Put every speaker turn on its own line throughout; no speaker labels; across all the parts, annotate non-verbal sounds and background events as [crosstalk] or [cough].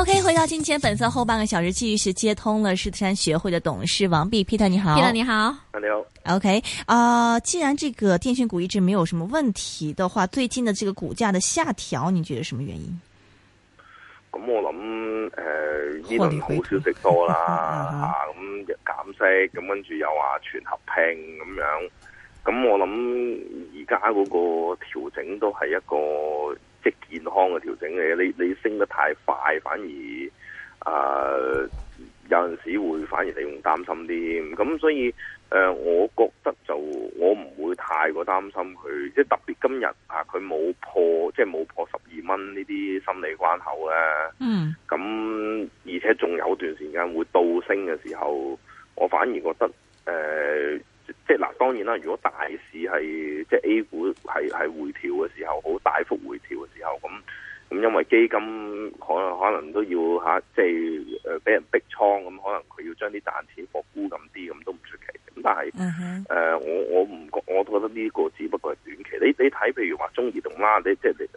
OK，回到金錢本色後半個小時，繼續是接通了獅子山學會的董事王弼 Peter，你好，Peter 你
好，Peter，
你
好。Hello.
OK，啊、呃，既然這個電訊股一直沒有什麼問題的話，最近的這個股價的下調，你覺得什麼原因？
咁、嗯、我諗，誒、呃，呢輪好消息多啦， [laughs] 啊，咁、嗯、減息，咁跟住又話全合併，咁樣，咁、嗯、我諗，而家嗰個調整都係一個。即健康嘅調整嘅，你你升得太快，反而啊、呃、有陣時會反而你唔擔心啲，咁所以誒、呃，我覺得就我唔會太過擔心佢，即特別今日啊，佢冇破即冇破十二蚊呢啲心理關口啊，mm. 嗯，咁而且仲有段時間會倒升嘅時候，我反而覺得誒。呃即係嗱，當然啦，如果大市係即係 A 股係係回調嘅時候，好大幅回調嘅時候，咁咁因為基金可能都要被人可能都要吓，即係誒俾人逼倉，咁可能佢要將啲賺錢博沽咁啲，咁都唔出奇。咁但係誒，我我唔，我都覺得呢個只不過係短期。你你睇，譬如話中移動啦，你即係誒，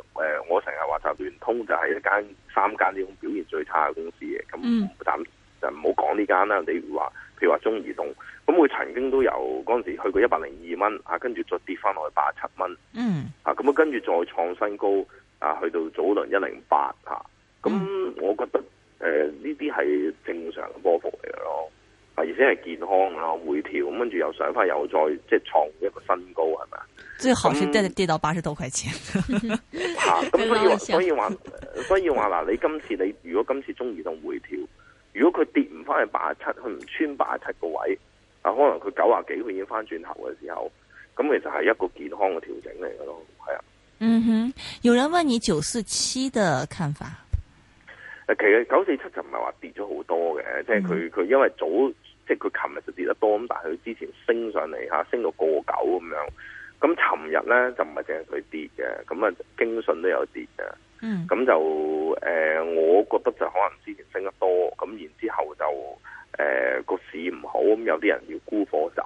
我成日話集聯通就係一間三間呢種表現最差嘅公司嘅，咁、mm hmm. 但就唔好講呢間啦。你如話。譬如話中移動，咁佢曾經都有嗰陣時去過一百零二蚊，啊，跟住再跌翻落去八七蚊，嗯，啊，咁啊跟住再創新高，啊，去到早輪一零八，吓，咁我覺得誒呢啲係正常嘅波幅嚟咯，啊，而且係健康啦，啊，回調，咁跟住又上翻，又再即係創一個新高，係咪啊？最好先跌
跌到八十多塊錢，
吓，咁所以話，所以話，所以話嗱，你今次你如果今次中移動回調。翻去八十七，佢唔穿八十七個位，啊，可能佢九啊幾佢已經翻轉頭嘅時候，咁其實係一個健康嘅調整嚟嘅咯，係啊。嗯哼，
有人問你九四七嘅看法？
誒，其實九四七就唔係話跌咗好多嘅，即係佢佢因為早，即係佢琴日就跌得多，咁但係佢之前升上嚟吓、啊，升到過九咁樣，咁尋日咧就唔係淨係佢跌嘅，咁啊，京信都有跌嘅。咁就誒、呃，我覺得就可能之前升得多，咁然之後就誒個、呃、市唔好，咁有啲人要沽貨走。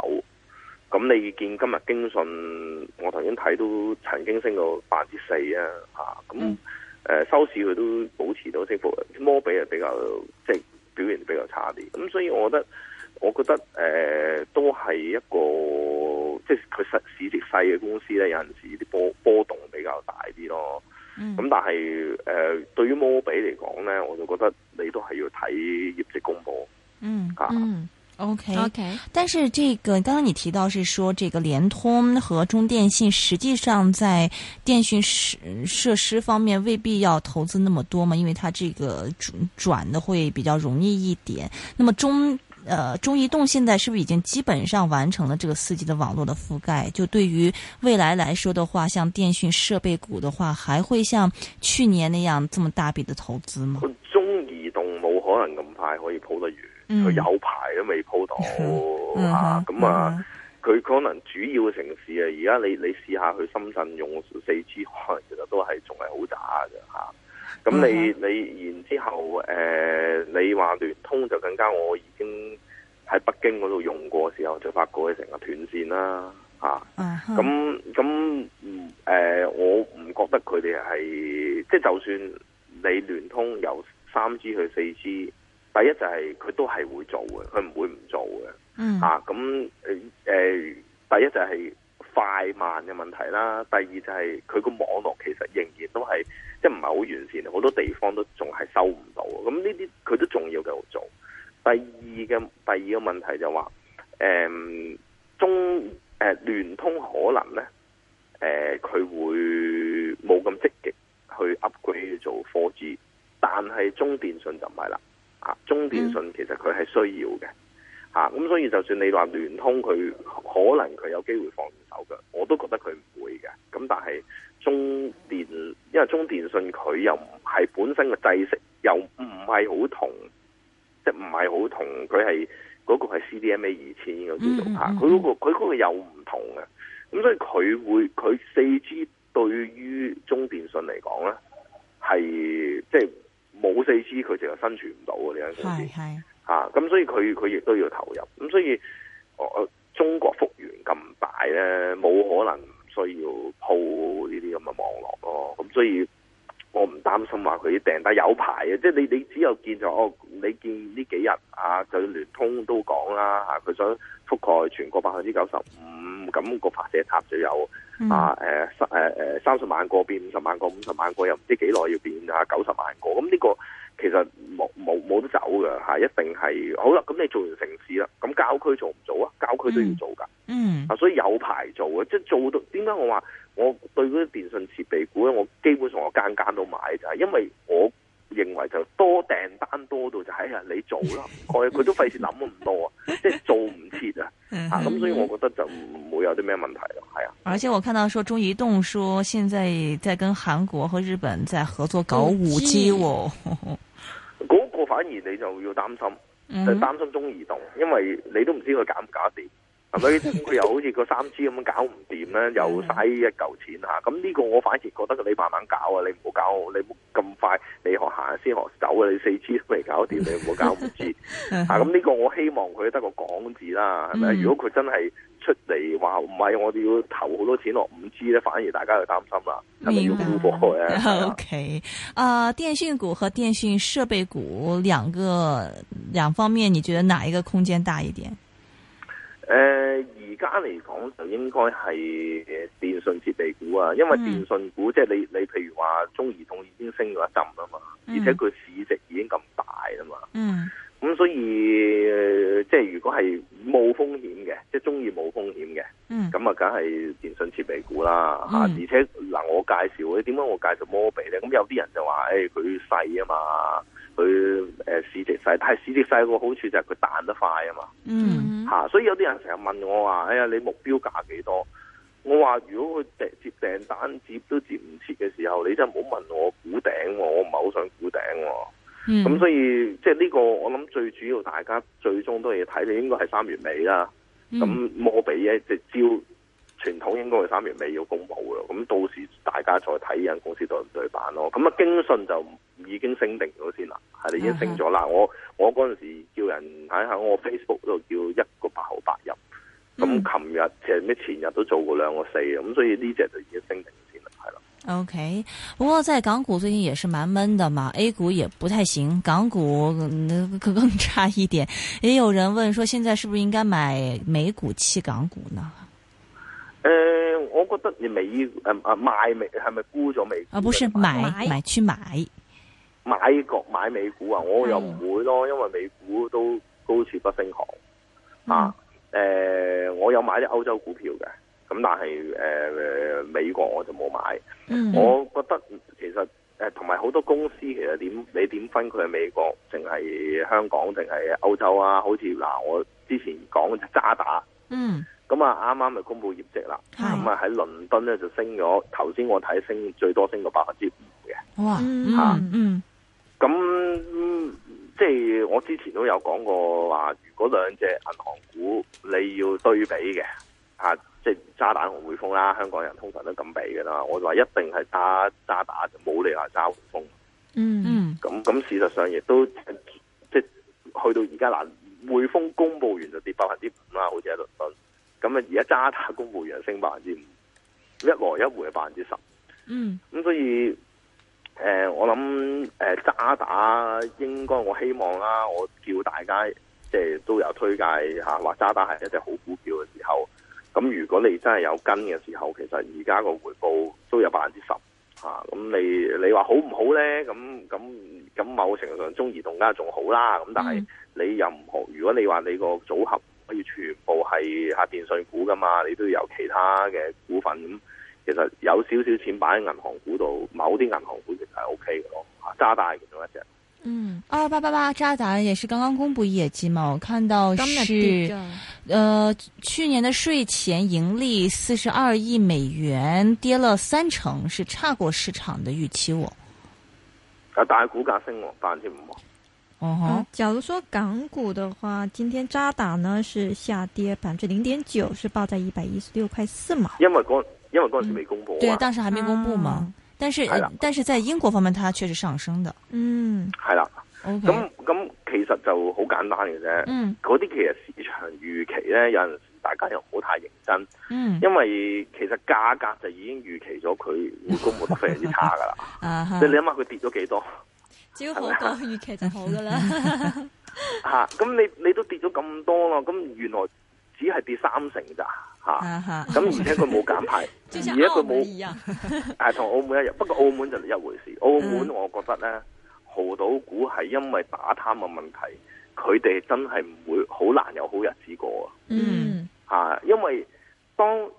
咁你見今日京信，我頭先睇，都曾經升到百分之四啊，吓，咁誒收市佢都保持到升幅。摩比係比較即係、就是、表現比較差啲，咁所以我覺得我覺得誒、呃、都係一個即係佢實市值細嘅公司咧，有陣時啲波波動比較大啲咯。嗯，咁但係誒、呃，對於摩比嚟講呢，我就覺得你都係要睇業績公布。嗯，
吓，OK OK。嗯 okay. Okay. 但是這個，剛剛你提到是說，這個聯通和中電信實際上在電訊設設施方面未必要投資那麼多嘛，因為它這個轉轉的會比較容易一點。那麼中誒、呃，中移動現在是不是已經基本上完成了這個四 G 的網絡的覆蓋？就對於未來來說的話，像電訊設備股的話，還會像去年那樣這麼大筆的投資嗎？
中移動冇可能咁快可以鋪得完，佢、嗯、有排都未鋪到、嗯、啊咁啊佢可能主要嘅城市啊，而家你你試下去深圳用四 G，可能其實都係仲係好渣嘅吓。咁、啊、你、嗯、哼你然之後，誒、呃，你話聯通就更加，我已經。喺北京嗰度用過嘅時候就發覺佢成日斷線啦，吓、
啊，咁
咁唔誒，我唔覺得佢哋係即係，就是、就算你聯通由三 G 去四 G，第一就係佢都係會做嘅，佢唔會唔做嘅，嗯、
uh，吓、huh. 啊，
咁誒誒，第一就係快慢嘅問題啦，第二就係佢個網絡其實仍然都係即係唔係好完善，好多地方都仲係收唔到，咁呢啲佢都仲要繼續做。第二嘅第二個問題就話、是，誒、嗯、中誒聯、呃、通可能咧，誒、呃、佢會冇咁積極去 upgrade 去做科技，但係中電信就唔係啦，啊，中電信其實佢係需要嘅，嚇、啊、咁所以就算你話聯通佢可能佢有機會放手嘅，我都覺得佢唔會嘅，咁、啊、但係中電因為中電信佢又唔係本身嘅製式又唔係好同。即唔係好同，佢係嗰個係 CDMA 二千嗰啲度吓，佢嗰、嗯嗯嗯嗯那個佢個又唔同嘅，咁所以佢會佢四 G 對於中電信嚟講咧，係即係冇四 G 佢淨係生存唔到嘅呢樣嘢，
吓、
這個，咁是、啊、所以佢佢亦都要投入，咁所、哦呃、所以我中國幅員咁大咧，冇可能需要鋪呢啲咁嘅網絡，咁所以我唔擔心話佢啲訂單有排嘅，即係你你只有見咗。哦。你見呢幾日啊？就聯通都講啦，佢、啊、想覆蓋全國百分之九十五，咁個發射塔就有啊！三、啊、三十萬個變五十萬個，五十萬個又唔知幾耐要變啊！九十萬個，咁呢個其實冇冇冇得走㗎、啊，一定係好啦。咁你做完城市啦，咁郊區做唔做啊？郊區都要做㗎。嗯，啊，所以有排做嘅，即係做到點解我話我對嗰啲電信設備股咧，我基本上我間間都買嘅，就係因為我。認為就多訂單多到就係呀、哎呀你做啦，佢佢 [laughs] 都費事諗咁多 [laughs] 啊，即係做唔切啊，吓咁所以我覺得就唔會有啲咩問題咯，係啊。
而且我看到說中移動說現在在跟韓國和日本在合作搞五 G 哦，嗰、
哦、 [laughs] 個反而你就要擔心，就是、擔心中移動，因為你都唔知佢減唔減跌。佢又 [laughs] 好似個三 G 咁搞唔掂咧，又使一嚿錢吓。咁呢、嗯、個我反而覺得你慢慢搞啊，你唔好搞，你唔好咁快，你學行先學走、 [laughs] 嗯、啊。你四 G 都未搞掂，你唔好搞五 G。吓，咁呢個我希望佢得個港字啦，係咪、嗯？如果佢真係出嚟話唔係，我哋要投好多錢落五 G 咧，反而大家就擔心啦。明白啊 O
K，啊電訊股和電訊設備股兩個兩方面，你覺得哪一個空間大一點？
誒，而家嚟講就應該係誒電信設備股啊，因為電信股、mm hmm. 即係你你譬如話中移動已經升咗一浸啊嘛，mm hmm. 而且佢市值已經咁大啊嘛，mm
hmm.
嗯，咁所以、呃、即係如果係冇風險嘅，即係中意冇風險嘅，
嗯、mm，咁啊梗
係電信設備股啦，吓、mm，hmm. 而且嗱我介紹，點解我介紹摩比咧？咁有啲人就話誒佢細啊嘛。市值細，但係市值細個好處就係佢彈得快啊嘛，吓、mm
hmm.
啊，所以有啲人成日問我話，哎呀，你目標價幾多？我話如果佢接訂單接都接唔切嘅時候，你真係唔好問我估頂，我唔係好想估頂，咁、
mm hmm. 所
以即係呢個我諗最主要，大家最終都要睇，你應該係三月尾啦。咁我比你隻招。傳統應該係三月尾要公佈嘅，咁到時大家再睇呢間公司對唔對板咯。咁啊，京信就已經升定咗先啦，係啦，已經升咗啦、uh huh.。我我嗰陣時叫人喺喺我 Facebook 度叫一個八號八入，咁琴日其實咩前日都做過兩個四嘅，咁所以呢隻就已經升定咗先啦，
係啦。O、okay.
K，不過在港股最近也是蠻悶的嘛，A 股也不太行，港股可、嗯、更差一點。也有人問說，現在是不是應該買美股棄港股呢？
誒、呃，我覺得你美誒、呃、買美係咪沽咗美？啊，不是，不
是買買，買，買去買
買國買美股啊！我又唔會咯，因為美股都高處不勝寒、嗯、啊。誒、呃，我有買啲歐洲股票嘅，咁但係誒、呃、美國我就冇買。嗯、我覺得其實誒同埋好多公司其實點你點分佢係美國，淨係香港，定係歐洲啊？好似嗱、呃，我之前講渣打，嗯。咁啊，啱啱咪公布業績啦，咁啊喺倫敦咧就升咗，頭先我睇升最多升咗百分之五嘅，哇，
嚇，嗯，
咁即係我之前都有講過話，如果兩隻銀行股你要對比嘅、啊，即係渣打同匯豐啦，香港人通常都咁比嘅啦，我就話一定係渣渣打就冇理由揸匯豐，嗯嗯，咁咁、嗯嗯、事實上亦都即係去到而家嗱，匯豐公布完就跌百分之五啦，好似喺倫敦。咁啊！而家渣打公布完升百分之五，一來一回係百分之十。嗯。咁所以，誒、呃，我諗，誒，渣打應該我希望啦、啊。我叫大家，即係都有推介吓，話、啊、渣打係一隻好股票嘅時候。咁如果你真係有跟嘅時候，其實而家個回報都有百分之十。吓、啊，咁你你話好唔好咧？咁咁咁，某程度上中移動家仲好啦。咁但係你任何，如果你話你個組合。可以全部係下電信股噶嘛，你都要有其他嘅股份。其實有少少錢擺喺銀行股度，某啲銀行股其實係 O K 嘅咯，渣打其中一隻。嗯，
二八八八渣打也是剛剛公布業績嘛，我看到是，今呃去年的稅前盈利四十二億美元，跌了三成，是差過市場的預期。哦。我，嗯，
啊，但、呃哦啊，股價升喎，百分之
哦，uh huh。假如說港股的話，今天渣打呢是下跌百分之零點九，是報在一百一十六塊四嘛？
因為嗰因為嗰時未公布、嗯，對當時還
沒公布嘛？啊、
但是了但是在英國方面，它確實上升的。嗯，
係啦了，OK。咁咁其實就好簡單嘅啫。嗯，嗰啲其實市場預期咧，有陣時大家又唔好太認真。嗯，因為其實價格就已經預期咗佢會公布得非常之差噶啦。嗯、 [laughs] uh，即 huh。係你諗下佢跌咗幾多？只要好過
預期就好噶啦，
吓咁、 [laughs] [laughs] 啊、你你都跌咗咁多啦，咁原來只係跌三成咋，吓、啊、咁 [laughs] 而且佢冇減排， [laughs] 而且佢冇，係同 [laughs] 澳門一樣， [laughs] 不過澳門就一回事，澳門我覺得咧，濠賭股係因為打貪嘅問題，佢哋真係唔會好難有好日子過、嗯、啊，嗯，吓因為當。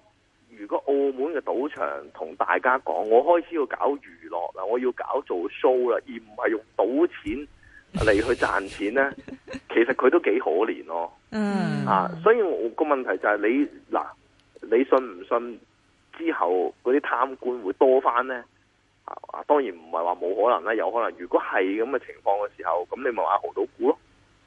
如果澳門嘅賭場同大家講，我開始要搞娛樂啦，我要搞做 show 啦，而唔係用賭錢嚟去賺錢呢 [laughs] 其實佢都幾可憐咯。嗯、mm. 啊，所以我個問題就係你嗱、啊，你信唔信之後嗰啲貪官會多翻呢？啊，當然唔係話冇可能啦，有可能。如果係咁嘅情況嘅時候，咁你咪買濠賭股咯。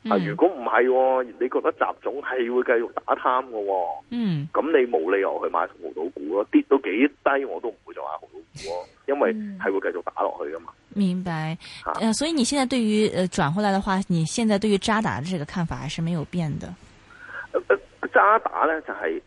啊！嗯、如果唔係、
哦，你覺得習總係會繼續打貪嘅、哦，嗯，咁你冇理由去買濠賭股咯，跌到幾低我都唔會做下濠賭股，因為係會繼續打落去噶嘛、嗯。
明白，誒、呃，所以你現在對於誒轉回來的話，你現在對於渣打嘅這個看法還是沒有變的。
呃、渣打呢就係，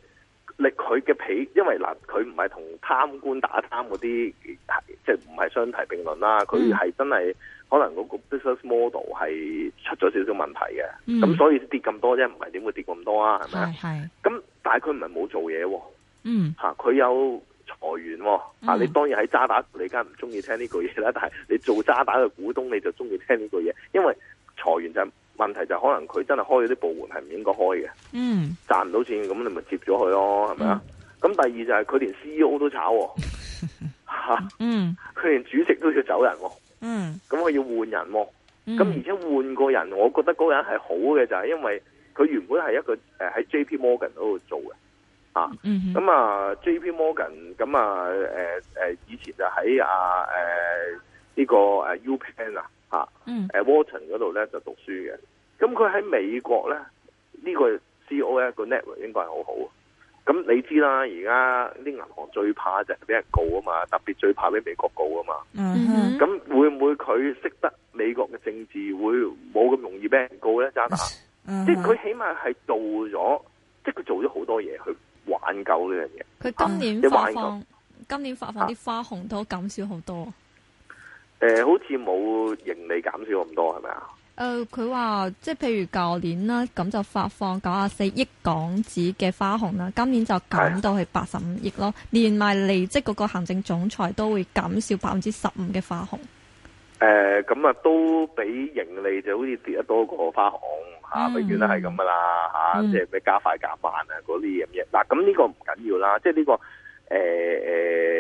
力佢嘅皮，因為嗱，佢唔係同貪官打貪嗰啲，即係唔係相提並論啦，佢係真係。嗯可能嗰個 business model 係出咗少少問題嘅，咁、嗯、所以跌咁多啫，唔係點會跌咁多啊？係咪
啊？係咁，
但係佢唔係冇做嘢，嗯，
吓佢
有裁員、哦，吓、啊嗯、你，你當然喺渣打你梗係唔中意聽呢句嘢啦，但係你做渣打嘅股東你就中意聽呢句嘢，因為裁員就係、問題就係可能佢真係開咗啲部門係唔應該開嘅，嗯，賺唔到錢，咁你咪接咗佢咯，係咪啊？咁、嗯、第二就係佢連 C E O 都炒、哦，吓、 [laughs] 啊，嗯，佢連主席都要走人、哦。嗯，咁我要換人喎、啊，咁而且換個人，我覺得嗰人係好嘅，就係因為佢原本係一個誒喺、呃、J P Morgan 嗰度做嘅，啊，咁、嗯、哼啊 J P Morgan，咁啊誒誒、呃呃，以前就喺啊誒呢個誒 U Penn 啊，吓、呃，誒 Walton 嗰度咧就讀書嘅，咁佢喺美國咧呢、這個 C O A 個 network 應該係好好。咁你知啦，而家啲銀行最怕就係俾人告啊嘛，特別最怕俾美國告啊嘛。嗯哼，咁會唔會佢識得美國嘅政治，會冇咁容易俾人告咧，渣娜、嗯哼？即係佢起碼係做咗，即係佢做咗好多嘢去挽救呢樣嘢。佢今年發放，
今年發放啲花紅都減少好多。
呃、好似冇盈利減少咁多係咪啊？
誒，佢話、呃、即係譬如舊年啦，咁就發放九十四億港紙嘅花紅啦，今年就減到係八十五億咯，是的連埋離職嗰個行政總裁都會減少百分之十五嘅花紅。
誒、呃，咁啊，都比盈利就好似跌得多個花紅吓，咪見得係咁噶啦吓，即係比加快減慢啊嗰啲咁樣。嗱，咁呢個唔緊要啦，即係呢個。誒誒、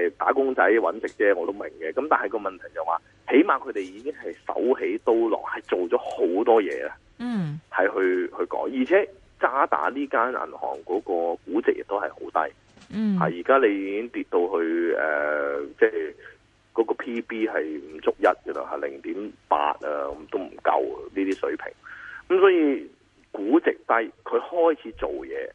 呃，打工仔揾食啫，我都明嘅。咁但係個問題就話、是，起碼佢哋已經係手起刀落，係做咗好多嘢啦。
嗯，
係去去講，而且渣打呢間銀行嗰個估值亦都係好低。
嗯，係而
家你已經跌到去誒，即係嗰個 PB 係唔足一嘅啦，係零點八啊，都唔夠呢啲水平。咁所以估值低，佢開始做嘢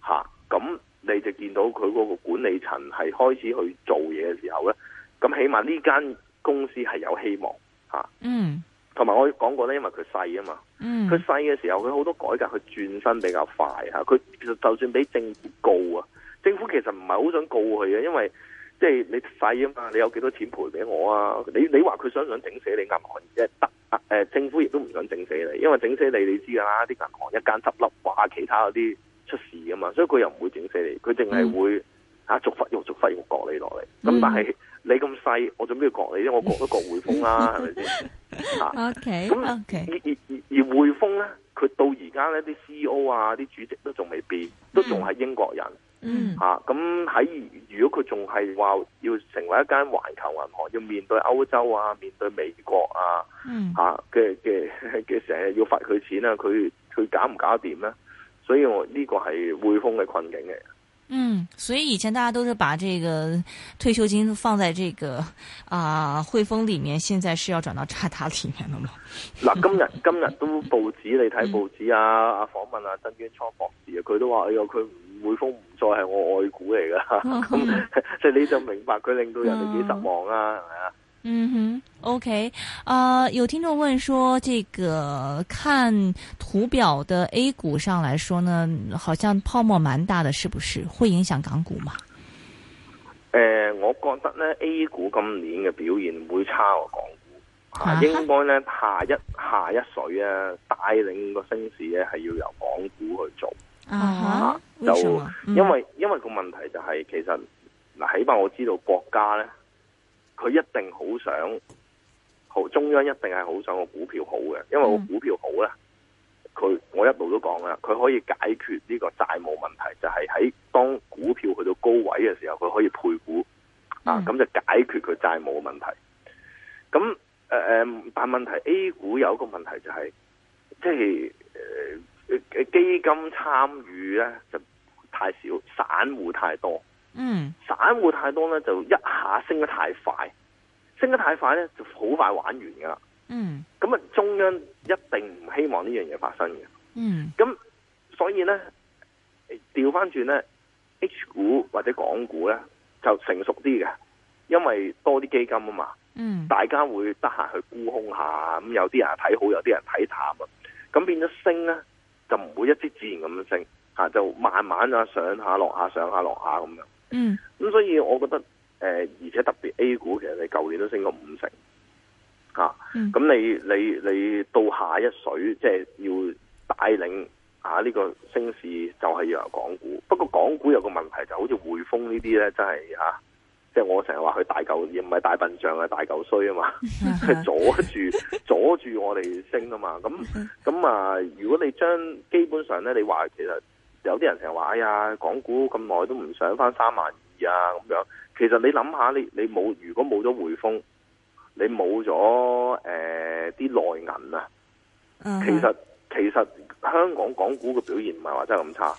吓咁。啊你就見到佢嗰個管理層係開始去做嘢嘅時候呢，咁起碼呢間公司係有希望嚇。嗯、啊，同埋我講過呢，因為佢細啊嘛，佢細嘅時候佢好多改革，佢轉身比較快嚇。佢其實、啊、就算俾政府告啊，政府其實唔係好想告佢啊，因為即係、就是、你細啊嘛，你有幾多錢賠俾我啊？你你話佢想唔想整死你銀行？即、啊、得、啊、政府亦都唔想整死你，因為整死你你知㗎啦，啲銀行一間執笠，話其他嗰啲。所以佢又唔會整死你，佢淨係會吓逐忽逐忽要割你落嚟。咁但係你咁細，我做咩要割你？因為我割都割匯豐啦，係咪先？吓
，OK，OK。
而而而匯豐咧，佢到而家咧啲 CEO 啊，啲主席都仲未變，都仲係英國人。嗯，吓、啊、咁、嗯、喺、啊、如果佢仲係話要成為一間環球銀行，要面對歐洲啊，面對美國啊，嗯，吓嘅嘅嘅，成日 [laughs] 要罰佢錢啊，佢佢搞唔搞得掂咧？所以我呢個係匯豐嘅困境嚟。嗯，
所以以前大家都是把這個退休金放在這個啊匯豐裏面，現在是要轉到渣打裏面嘛
嗱， [laughs] 今日今日都報紙你睇報紙啊，訪問啊，曾淵滄博士啊，佢都話：哎呀，佢匯豐唔再係我愛股嚟噶，即係你就明白佢令到人哋幾失望啦，係咪啊？嗯是
嗯哼
，OK，啊、呃，有聽眾問說，這個看圖表的 A 股上來說呢，好像泡沫蠻大的，是不是會影響港股嘛？
誒、呃，我覺得呢 A 股今年嘅表現唔會差過港股、啊啊、哈應該呢下一下一水啊，帶領個升市呢係要由港股去做啊，哈啊就因為因為、嗯啊、因為個問題就係、是、其實嗱，起碼我知道國家呢。佢一定好想，中央一定係好想個股票好嘅，因為個股票好啦，佢我一路都講啦，佢可以解決呢個債務問題，就係、是、喺當股票去到高位嘅時候，佢可以配股啊，咁、嗯嗯、就解決佢債務問題。咁誒誒，但問題 A 股有一個問題就係、是，即係誒誒，基金參與咧就太少，散戶太多。嗯，散戶太多咧，就一下升得太快，升得太快咧，就好快玩完噶啦。嗯，咁啊，中央一定唔希望呢樣嘢發生嘅。嗯，咁所以咧，調翻轉咧，H 股或者港股咧就成熟啲嘅，因為多啲基金啊嘛。嗯，大家會得閒去沽空下，咁有啲人睇好，有啲人睇淡啊。咁變咗升咧，就唔會一支自然咁樣升，吓就慢慢啊上下落下，上下落下咁樣。嗯，咁所以我覺得，誒、呃，而且特別 A 股其實你舊年都升過五成，啊，咁、嗯、你你你到下一水，即係要帶領啊呢個升市，就係由港股。不過港股有個問題，就好似匯豐呢啲咧，真係啊，即係我成日話佢大舊，而唔係大笨象啊，大舊衰啊嘛，係 [laughs] 阻住阻住我哋升啊嘛。咁咁啊，如果你將基本上咧，你話其實。有啲人成日話，哎呀，港股咁耐都唔上翻三萬二啊，咁樣。其實你諗下，你你冇如果冇咗匯豐，你冇咗誒啲內銀啊，mm hmm. 其實其實香港港股嘅表現唔係話真係咁差。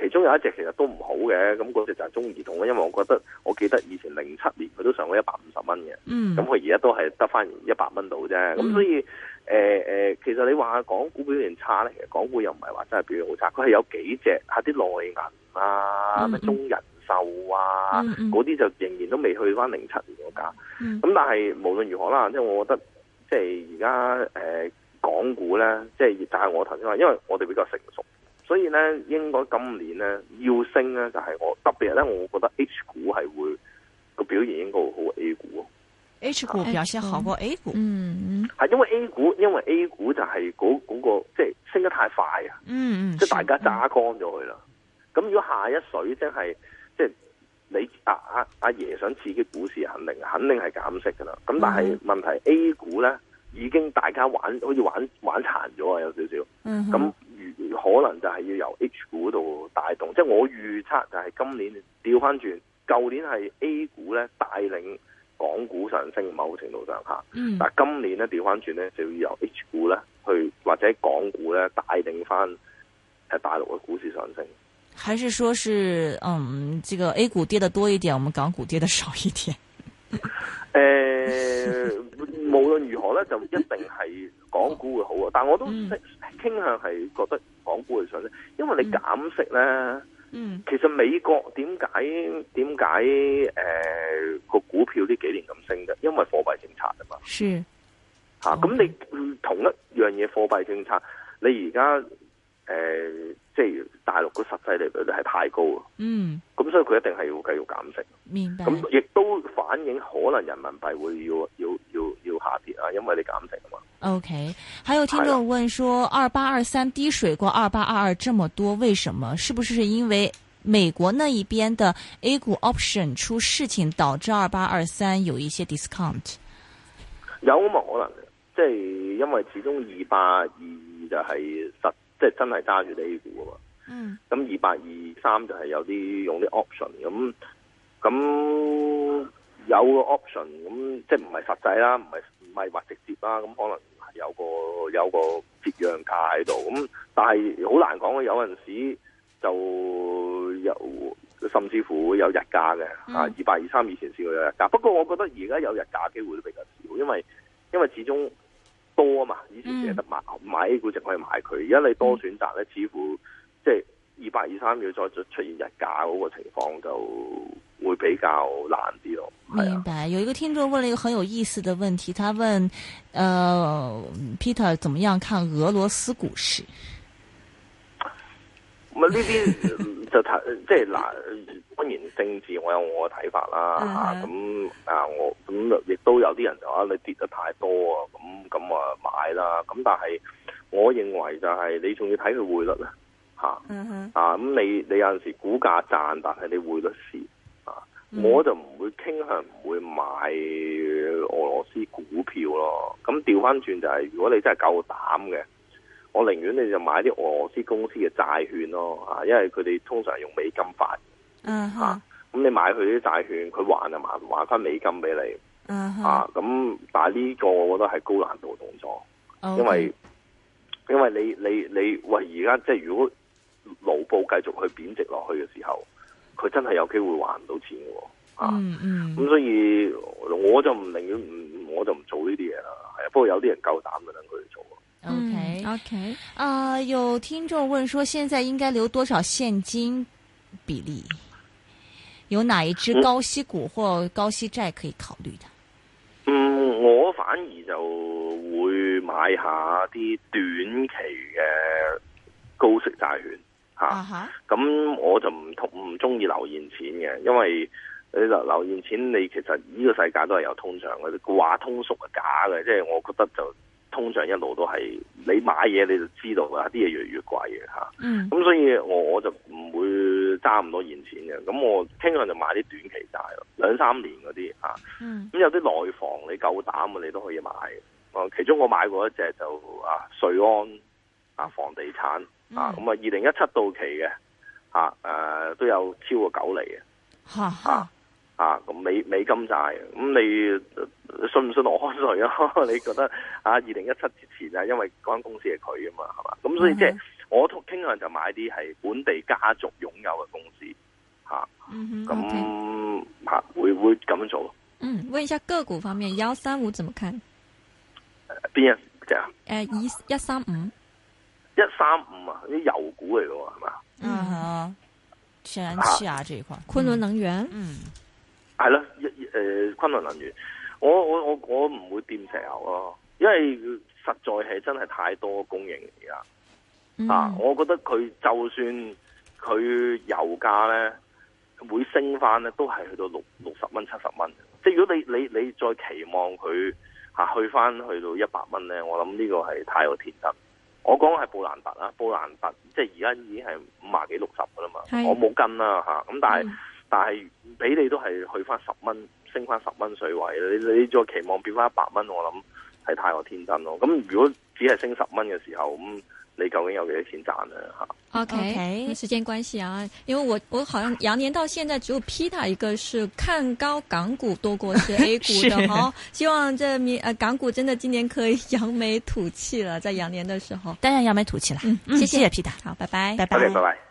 其中有一隻其實都唔好嘅，咁嗰隻就係中移動，因為我覺得我記得以前零七年佢都上過一百五十蚊嘅，咁佢而家都係得翻一百蚊到啫。咁所以。Mm hmm. 誒誒、呃，其實你話港股表現差咧，其實港股又唔係話真係表現好差，佢係有幾隻，吓啲內銀啊，咩、mm hmm. 中人壽啊，嗰啲，mm hmm. 就仍然都未去翻零七年個價。
咁，mm hmm. 但
係無論如何啦，即係我覺得，即係而家誒港股咧，即係但係我頭先話，因為我哋比較成熟，所以咧應該今年咧要升咧，就係我特別咧，我覺得 H 股係會個表現應該會好 A 股。
H 股
表現好過 A 股，嗯，係因為 A 股，因為 A 股就係嗰嗰個即係升得太快啊，嗯，嗯嗯，即係大家揸乾咗佢啦。咁如果下一水真係即係你阿阿阿爺想刺激股市，肯定肯定係減息噶啦。咁但係問題 A 股咧已經大家玩好似玩玩殘咗啊，有少少，咁可能就係要由 H 股度帶動。即係我預測就係今年調翻轉，舊年係 A 股咧帶領。港股上升，某程度上吓。嗱、嗯，但今年咧調翻轉咧，就要由 H 股咧去或者港股咧帶領翻誒大陸嘅股市上升。
還是說是，嗯，這個 A 股跌得多一點，我們港股跌得少一點？
誒、 [laughs] 呃，無論如何咧，就一定係港股會好啊。哦、但係我都傾傾向係覺得港股會上升，嗯、因為你減息咧。嗯嗯，其實美國點解點解誒個股票呢幾年咁升嘅？因為貨幣政策啊嘛，
吓，咁
你同一樣嘢貨幣政策，你而家誒即係大陸個實際利率係太高啊，
嗯，
咁所以佢一定係要繼續減息，明白？咁亦都反映可能人民幣會要要要。要下跌啊，因為你減啊嘛。
OK，還有聽眾問說，二八二三滴水過二八二二這麼多，為什麼？是不是因為美國那一邊的 A 股 option 出事情，導致二八二三有一些 discount？Okay.
有冇可能即係、就是、因為始終二八二二就係實，即、就、係、是、真係揸住你 A 股啊嘛。嗯。咁二八二三就係有啲用啲 option 咁咁。有個，ion，有個 option 咁，即係唔係實際啦，唔係唔係話直接啦，咁可能有個有個折讓價喺度。咁但係好難講啊，有陣時就有甚至乎有日價嘅嚇，二百二三以前試過有日價。不過我覺得而家有日價機會都比較少，因為因為始終多啊嘛，以前淨係得買、嗯、買 A 股淨係買佢，而家你多選擇咧，似乎即係二百二三要再出出現日價嗰個情況就會比較難啲咯。
明白，啊、有一個聽眾問了一個很有意思的問題，他問：，呃，Peter，怎麼樣看俄羅斯股
市？
咁呢邊就睇， [laughs] 即係嗱，當然政治我有我嘅睇法啦。吓咁 [laughs] 啊,啊，我咁亦都有啲人就話你跌得太多啊，咁咁啊買啦。咁但係我認為就係你仲要睇佢匯率咧，吓，啊咁、 [laughs] 啊、你你有陣時股價賺，但係你匯率蝕。我就唔會傾向唔會買俄羅斯股票咯，咁調翻轉就係、是、如果你真係夠膽嘅，我寧願你就買啲俄羅斯公司嘅債券咯，因為佢哋通常用美金發。嗯吓、uh，咁、huh. 啊、你買佢啲債券，佢還就還還翻美金俾你，嗯吓、uh，咁、huh. 啊、但係呢個我覺得係高難度動作，因為 Okay. 因為你你你喂，而家即係如果盧布繼續去貶值落去嘅時候。佢真係有機會還唔到錢嘅，嗯，嗯，
咁，啊，所
以我就唔寧願，我就唔做呢啲嘢啦。係啊，不過有啲人夠膽就等佢哋做。
OK OK，呃，
啊，有聽眾問說，現在應該留多少現金比例？有哪一支高息股或高息債可以考慮的？嗯，
我反而就會買下啲短期嘅高息債券。吓，咁、uh huh. 啊、我就唔同唔中意留現錢嘅，因為你留留現錢，你其實呢個世界都係有通脹嘅，話通縮係假嘅，即係我覺得就通脹一路都係你買嘢你就知道啦，啲嘢越嚟越貴嘅吓。
咁、啊 mm. 啊、所
以我就唔會揸咁多現錢嘅，咁、啊、我傾向就買啲短期債咯，兩三年嗰啲啊。咁、mm. 啊、有啲內房你夠膽嘅你都可以買，啊，其中我買過一隻就啊瑞安。啊，房地產、嗯、啊，咁啊，二零一七到期嘅，吓誒，都有超過九厘嘅，
吓吓
吓，咁美、啊啊啊、美金債，咁你信唔信我衰啊？你，信信 [laughs] 你覺得啊，二零一七之前啊，因為嗰間公司係佢啊嘛，係嘛，咁所以即係、嗯嗯、我都傾向就買啲係本地家族擁有嘅公司，吓、啊，咁吓、嗯 okay 啊、會會咁樣做。嗯，
問一下個股方面，幺三五怎麼看？
邊隻啊？
誒，一一三五。
一三五啊，啲油股嚟嘅係嘛？啊、嗯，
好，天然氣啊，
這
一塊，啊、昆侖能源，嗯，
係咯、嗯，一誒、呃，昆侖能源，我我我我唔會掂石油咯，因為實在係真係太多供應而家。啊，嗯、我覺得佢就算佢油價咧會升翻咧，都係去到六六十蚊、七十蚊。即係如果你你你再期望佢吓去翻去到一百蚊咧，我諗呢個係太有天真。我講係布蘭特啦，布蘭特即係而家已經係五廿幾六十嘅啦嘛，的我冇跟啦嚇，咁但係、嗯、但係俾你都係去翻十蚊，升翻十蚊水位，你你再期望變翻一百蚊，我諗係太過天真咯。咁如果只係升十蚊嘅時候咁。你究竟有幾多錢賺
啊？吓，OK，, okay. 時間關係啊，因為我我好像羊年到現在只有 Pita 一個是看高港股多過 [laughs] 是 A 股的，哈 [laughs] 是、哦，希望這明，呃、啊，港股真的今年可以揚眉吐氣了，在羊年的時候，當然揚眉
吐氣了。嗯，嗯謝謝，謝，
謝 Pita 好，拜拜，拜拜 bye、拜拜、
okay。